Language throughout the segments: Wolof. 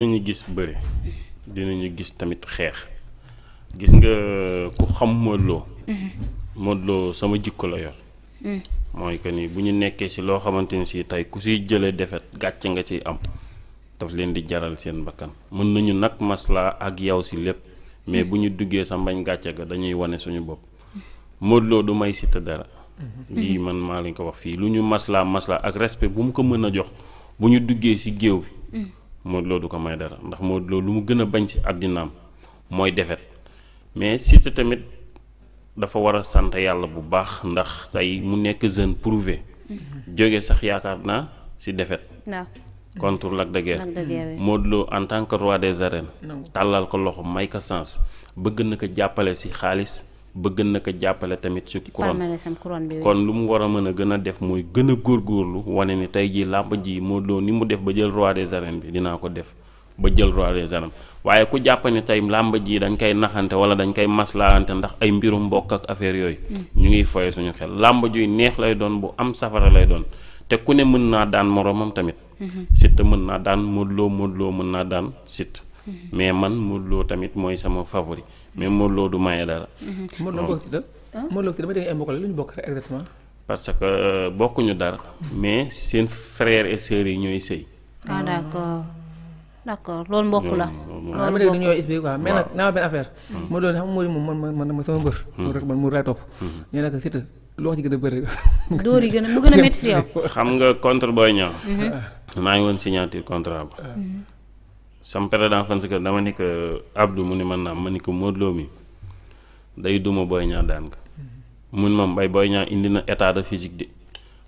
dinañu gis bëri dinañu gis tamit xex gis nga ku xam Modou Lo mm-hmm. Modou Lo sama jikko la yor moy mm. que ni bu ñu nekkee si loo xamante ni ku ci jëlé defet gatch nga ci am daf leen di jaral seen bakkan mën nañu nak masla ak yaw si lepp mais mm. bu ñu duggee sa mbañ gatcha ga dañuy wone suñu bop Modou Lo du may Siteu dara mm-hmm. li man ma lañ ko wax fi luñu masla masla ak respect bu mu ko mëna jox bu ñu si Modou Lo du ko may dara ndax moo duloo lu mu gën a bañ ci àddinaam mooy defet mais Siteu tamit dafa war a sant yàlla bu baax ndax tey mu nekk jeune prouvé mhm. jóge sax yaakaar naa ci defet contre Lac de Guiers Modou Lo en tant que roi des arènes tàllal ko loxo may ko sens bëgg na ko jàppale si xaalis bëgg na ko jàppale tamit ci couronne bi kon lu mu war a mën a gën a def mooy gën a góor góorgóorlu wane ni tey jii làmb ji moo doon ni mu def ba jël roi des arènes bi dinaa ko def ba jël roi des arènes waaye ku jàpp ne tey làmb ji dañ koy naxante wala dañ koy maslaante ndax ay mbiru mbokk ak affaire yooyu mm. ñu ngi foye suñu xel làmb juy neex lay doon bu am safara lay doon te ku ne mën naa daan moroomam tamit mm-hmm. Siteu mën naa daan Modou Lo Modou Lo mën naa daan Siteu mm-hmm. mais man Modou tamit mooy sama favori mais Modou Lo du maye dara mhm. Modou Lo bokk ci ah? Modou Lo ci dama dégg ay luñu bokk rek exactement parce que euh, ñu dara mais seen frère et sœur yi ñoy sey ah d'accord d'accord lool mbokk la dama dégg ñoy isbi quoi mais nak na ben affaire hmm. mo Lo xam mo mo mo sama mbeur hmm. mo rek man mo ray top ñu nak sita lu wax ci gëna bëri door yi gëna mu gëna metti ci yow xam nga contre boy ñaaw mhm. ma ngi won signature contrat ba mhm. sam président fan si dama ni que Abdou mu ni man naa ma ni ko Modou mi day duma Boy Niang daan ko mun ma mbay Boy Niang indi na état de physique de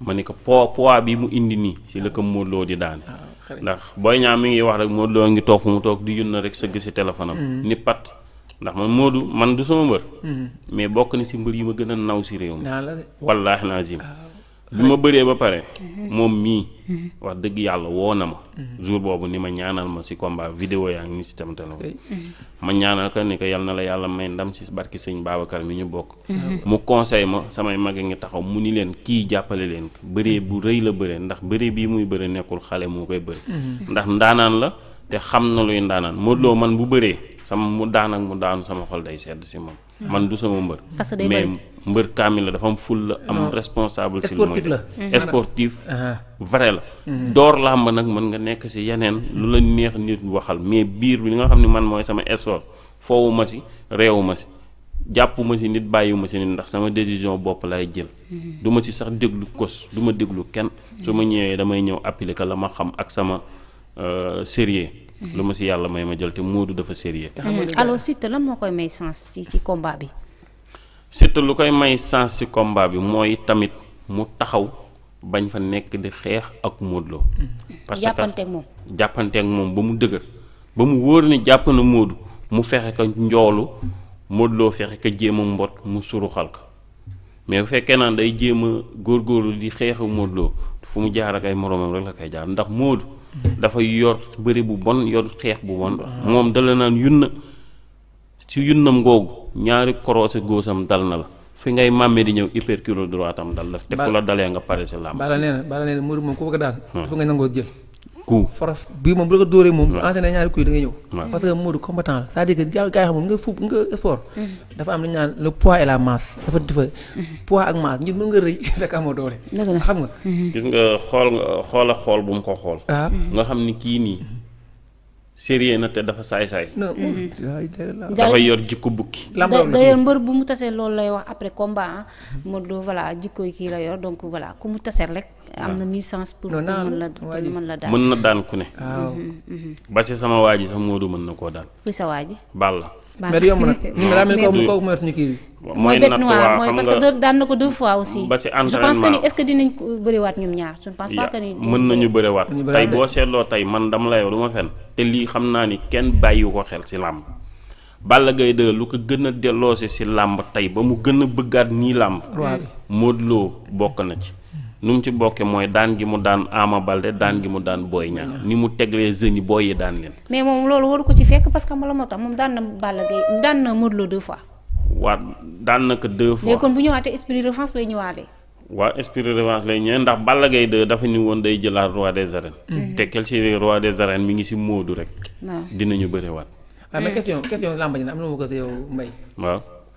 ma ni ko poids poids bi mu indi nii si la ko Modou Lo di daane ah, ndax Boy Niang mi ngi wax rek Modou Lo ngi toog mu toog di yun na rek sëgg si téléphone am mm-hmm. ni pat ndax man Modou man du sama mbër mm-hmm. mais bokk na si mbër yi ma gën a naw si réew mi wallaahi lazim ah. bi ma bëree ba pare. moom mii. wax dëgg yàlla woo na ma. jour boobu ni ma ñaanal ma si combat vidéo yaa ngi ni si tamit ma ñaanal ka ni ko yal na la yàlla may ndam si barki sëñ Babacar mi ñu bokk. Ah mu conseil ma samay mag ngi taxaw mu ni leen kii jàppale leen ko bëree bu rëy la bëree ndax bëree bii muy bëri nekkul xale moo koy bëri. Mhm. ndax ndaanaan la te xam na luy ndaanaan Modou Lo man bu bëree sama mu daan ak mu daanu sama xol day sedd si moom. man du sama mbër. mais mbër kaamil la dafa am ful la am responsable. si lu muy def mm-hmm. sportif uh-huh. vare la. Mm-hmm. door làmb nag mën nga nekk si yeneen lu la neex nit waxal mais biir bi li nga xam ne man mooy sama essor foowu ma si réewu ma si. jàppuma si nit bàyyiwuma ci nit ndax sama décision bopp lay jël mm-hmm. du ma ci sax déglu kos du ma déglu kenn su ma ñëwee damay ñëw appliquer la ma xam ak sama euh, sérieux lu ma si yàlla may ma jël te Modou dafa sérieux mm. alors Siteu lan moo koy may sens ci combat bi. Siteu lu koy may sens ci combat bi mooy tamit mu taxaw bañ fa nekk di xeex ak Modou mm. parce que jàppanteeg moom jàppanteeg moom ba mu dëgër ba mu wóor ni jàpp na Modou mu fexe ko njoolu Modou Lo fexe ko jéem a mbot mu suruxal ko mais bu fekkee naan day jéem a góoru di xeexu Modou Lo fu mu jaar ak ay moroomam rek la koy jaar ndax Modou. dafa yor bëri bu bon yor xeex bu bon moom dala naan yunna ci yunnam googu ñaari korose góosam dal na la fi ngay màmmee di ñëw hypercule droit am dal la te fu la dalee nga pare si làmb bala nee na bala nee na mbër moom ku bëgg daal dafa hmm. nga nangoo jël coup faras bii moom bu la ko dóoree moom enchaîné ñaari coup yi da ngay ñëw parce que Modou combattant la c'est-à-dire que gaa gaa yi xamul nga foot nga sport mhm. dafa am lu ñu naan poids et la masse dafa dafa mhm. poids ak masse ngir mën nga rëy fekk amoo doole xam nga mhm. gis nga xool nga xool a xool bu mu ko xool ah. nga xam ni kii nii sérieux na te dafa saay-saay. Mhm. dafa yor jikko bukki. d'ailleurs mbër bu mu tasee loolu lay wax après combat Modou Lo voilà jikko yi kii la yor donc voilà ku mu tasee rek. am na mille sens pour mën la mën mën na daan ku ne. waaw mhm, mhm. ba si sama waa ji sax Modou mën na koo daan. kuy sa waa ji Balla. mais yomb na ñu daa mel ni kooku mooy suñu kii bi. mooy natt waaw mooy parce que daan na ko deux fois aussi. ba si entraînement je pense que ni est ce que dinañ bëriwaat ñoom ñaar je ne pense pas que ni. mën nañu bëriwaat tey boo seetloo tey man dama la yow du ma fen te lii xam naa ni kenn bàyyiwu ko xel si làmb Balla Gaye 2 lu ko gën a delloose si làmb tey ba mu gën a bëggaat nii làmb. Modou Lo bokk na ci. nu mu ci bokkee mooy daan gi mu daan Ama Balde daan gi mu daan Boy Niang ni mu teglee jeunes yi booy yi daan leen. mais moom loolu waru ko ci fekk parce ma la moo tax moom daan na Balla dafa ni woon day jëlaat roi des arènes. Mm-hmm. te quel roi des arènes mi ngi si Modou rek. dinañu bëriwaat. waaw ah, mais question question làmb ji am na ma ko yow Mbaye waaw.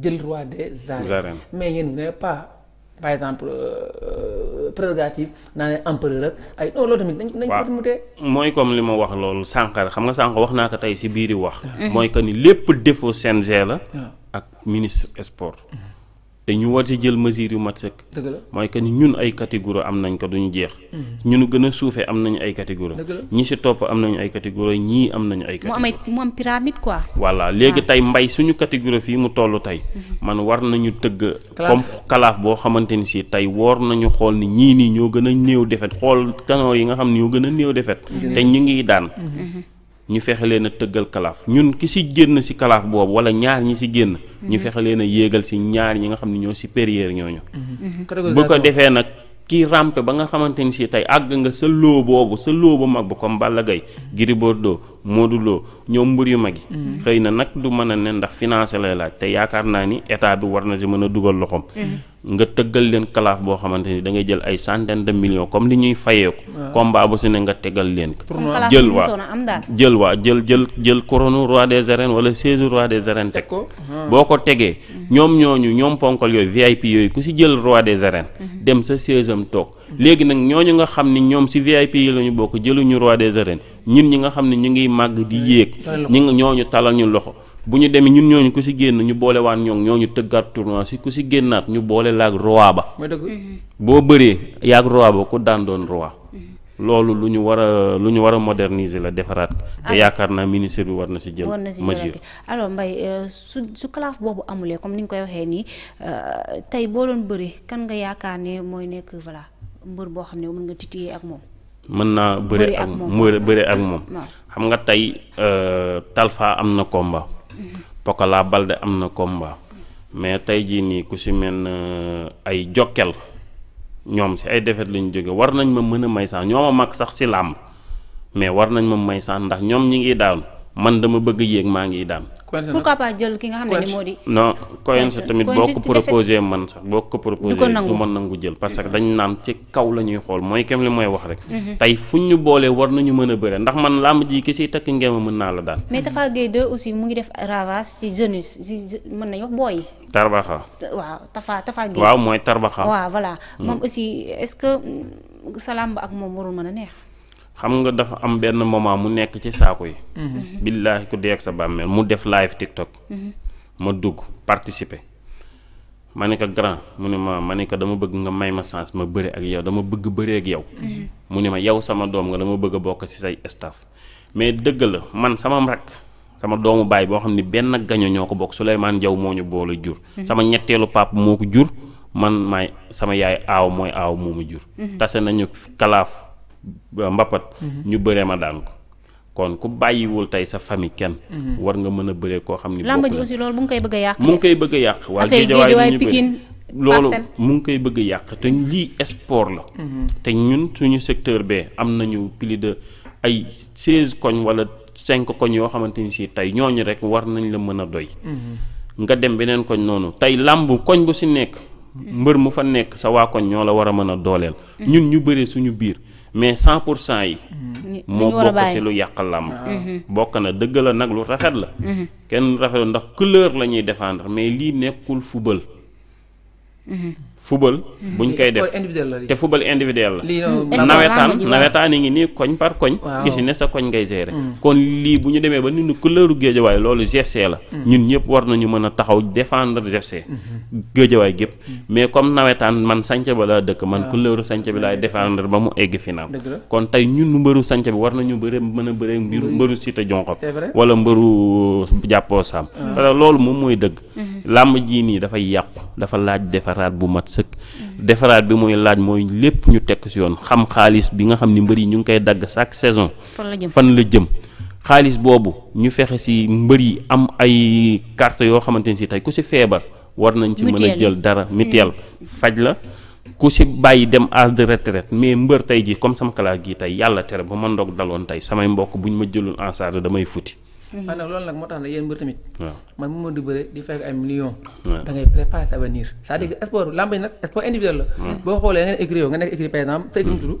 jël roi des arènes mais yéen vous n'avez pas par exemple euh, euh, prérogative naa ne empereur rek ay non loolu tamit dañ dañ ko mutee mooy comme li ma wax loolu sànqare xam nga sànq wax naa ko tey si biir yi wax mm-hmm. mooy que ni lépp défaut CNG la ak ministre sport mm-hmm. te ñu war si jël mesure yu mat sëkk. dëgg mooy que ni ñun ay catégorie am nañ ko ñu jeex. ñunu gën a suufee am nañu ay catégorie ñi si topp am nañu ay catégorie ñii am nañu ay. catégorie mu amay mu am pyramide quoi. voilà léegi ah. tey mbay suñu catégorie fii mu toll tey. man war nañu tëgg. comme kalaaf boo xamante ni si tey woor nañu xool ni ñii nii ñoo gën a néew defet xool canaux yi nga xam ne ñoo gën a néew defet te ñu ngi daan. Mm-hmm. ñu fexe leen a tëggal kalaaf ñun ki si génn si kalaaf boobu wala ñaar ñi si génn. ñu mhm. fexe leen a yéegal si ñaar ñi nga xam ne ñoo supérieur ñooñu. Mhm. bu ko defee nag kii rampe ba nga xamante ni si tey àgg nga sa loo boobu sa loo bu mag ba comme Balla Gaye Gris Bordeaux Modou Lo ñoom mbër yu mag yi. Mhm. xëy na nag du mën a ne ndax financé lay laaj te yaakaar naa ni état bi war na si mën a dugal loxoom. nga tëggal leen kalaaf boo xamante ni da ngay jël ay centaine de millions comme li ñuy fayeeku combat bu si ne nga tegal leen ko jël waa jël waa jël jël jël couronne roi des arènes wala seize roi des arènes teg ko boo ko tegee ñoom ñooñu ñoom ponkal yooyu VIP yooyu ku si jël roi des arènes mhm. dem sa seize am toog léegi nag ñooñu nga xam ni ñoom si VIP yi la ñu jëlu ñu roi des arènes ñun ñi nga xam ne ñu ngiy màgg di yéeg ñi ñooñu talal ñu loxo bu ñu demee ñun ñooñu ku si génn ñu boole waan ñoom ñooñu tëggaat tournoi si ku si génnaat ñu boole laag roi ba. Mm-hmm. boo bëree yaag roi ba ku daan doon roi. Mm-hmm. loolu lu ñu war a lu ñu war a moderniser la defaraat. te ah. yaakaar naa ministère bi war na si jël. mesure alors Mbaye euh, su su classe boobu amulee comme ni nga koy waxee nii euh, tey boo doon bëri kan nga yaakaar ne mooy nekk voilà mbër boo xam ne mën nga titiyee ak moom. mën naa bëri ak moom bëri ak moom. xam nga tey euh, Talfa am na komba Pokola Balde am na combat mais tey jii nii ku si mel na euh, ay jokkel ñoom si ay defet la ñu jóge war nañ ma mën a may sax ñoo ma mag sax si làmb mais war nañ ma may sax ndax ñoom ñi ngi daanu man dama bëgg yéeg maa ngi daan. pourquoi pas jël ki nga xam ne moo di. non coince tamit boo ko proposé man sax boo ko proposé du ma nangu jël parce que dañ naan ci kaw la ñuy xool mooy kem li mooy wax rek. Mhm. tey fuñ ñu boolee war nañu mën a bëre ndax man làmb ji ki siy takk ngeen mën naa la daan. mais Tafa Gueye deux aussi mu ngi def ravas ci jeunes ci mën nañu wax booy Tarbaxa. waaw Tafa Tafa Gueye. waaw mooy Tarbaxa. waaw voilà mm. moom aussi est-ce que mm, sa ak moom warul mën a neex xam nga dafa am benn moment mu nekk ci saako yi. Mhm. billahi ku dee sa bàmmeel mu def live TikTok. Mhm. ma dugg participer ma ne ko grand mu ne ma ma ne ko dama bëgg nga may ma sens ma bëre ak yow dama bëgg bëree ak yow. Mhm. mu ma yow sama doom nga dama bëgg a bokk ci say staff mais dëgg la man sama rak sama doomu baay boo xam ne benn gaño ñoo ko bokk Souleymane Diaw moo ñu boole jur. sama ñetteelu pap moo ko jur man may sama yaay aaw mooy aaw ma jur. tase nañu kalaaf. Euh, mbappat mhm. ñu bëree ma daan ko kon ku bàyyiwul tey sa famille kenn. Mhm. war nga mën a bëree koo xam ni. làmb ji mu ngi koy bëgg yàq. mu ngi koy bëgg a yàq waa Géejawaay Pikine loolu mu ngi koy bëgg yàq te lii sport la. Mhm. te ñun suñu secteur bee am nañu plus de ay seize koñ wala cinq koñ yoo xamante ni si tey ñooñu rek war nañ la mën a doy. nga dem beneen koñ noonu tey làmb koñ bu si nekk. mbër mu fa nekk sa waa koñ ñoo la war a mën a dooleel. ñun ñu bëree suñu biir. mais cent pour cent yi moo bokk si lu yàq làmb ah. mhm. bokk na dëgg la nag lu rafet la mhm. kenn rafet ndax couleur la ñuy défendre mais lii nekkul football football mhm. buñ koy def individual. football individuel la nawetaan nawetaan ngi ni koñ par koñ gis ne sa koñ ngay gérer mm. kon li bu ñu demee ba ni nu couleuru géejawaay loolu GFC la mm. ñun ñëpp war nañu mën a taxaw défendre GFC mm-hmm. géejawaay gépp mm. mais comme nawetaan man sanc ba laa dëkk man ah. couleuru sanc bi laay défendre ba mu final kon tay ñun mbëru sanc bi war nañu bëre mën a bëre mbiru mbëru sita jonxob wala mbëru jàppoo saam ah. dëgg mm-hmm. làmb jii nii dafay yàqu dafa laaj defaraat bu mat sëkk. defaraat bi mooy laaj mooy lépp ñu tekk si yoon xam xaalis bi nga xam ni mbër yi ñu ngi koy dagg chaque saison. fan la jëm fan la jëm. xaalis boobu ñu fexe si mbër yi am ay carte yoo xamante ni si tey ku si feebar. war nañ ci mën a jël dara mm. mutuel faj la ku si bàyyi dem âge de retraite mais mbër tey jii comme sama kalaas gii tey yàlla tere ba ma ndog daloon tey samay mbokk bu ñu ma jëlul en charge damay futi man mhm. nag loolu nag moo tax ne yéen mbër tamit man mu di bëre di fekk ay millions da ngay préparer sa avenir c'est-à-dire que sport làmb nag sport individuel la boo xoolee nga écrit yow nga nekk écrit par exemple sa écrit hmm. tudd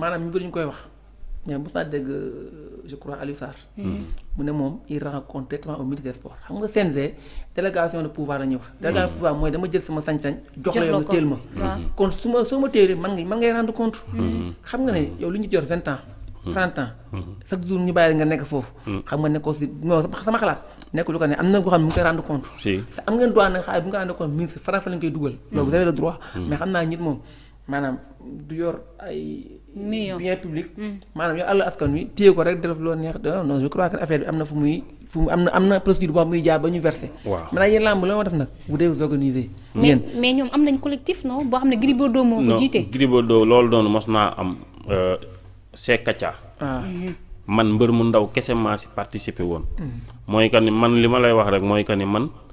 maanaam ñu bëri ñu koy wax mais mos naa dégg euh, je crois Aliou Sarr. Hmm. Hmm. mu ne moom il rend compte directement au ministre des sports xam nga CNG délégation de pouvoir la wax. délégation de hmm. pouvoir mooy dama jël sama sañ-sañ. jox la yow nga téel ma. kon su ma soo ma téelee man nga man ngay rendre compte. xam nga ne yow li ñu jot vingt ans. trente ans. chaque jour ñu bàyyi la nga nekk foofu. xam nga ne ko si sama xalaat nekk lu ko ne am na koo xam ne mu ngi koy rendre compte. si am ngeen droit nag xaalis bu nga rendre compte ministre farafa lañ koy dugal. donc vous avez le droit. xam naa nit moom maanaam du yor ay. bien public hmm. manam yo àll askan wi téye ko rek def lo neex non je crois que affaire bi am na fu muy fu mu am procédure boo muy jaar ba ñu versé waaw maanaam yéen làmb la ma def nag vous devez vous organiser yéen mais ñom amnañ collectif non bo xamné gribo do mo ko jité Gris Bordeaux loolu doonu mos naa am seekaca euh, ah. man mbeur mu ndaw kese maa si participer won hmm. moy que man lima lay wax rek moy que man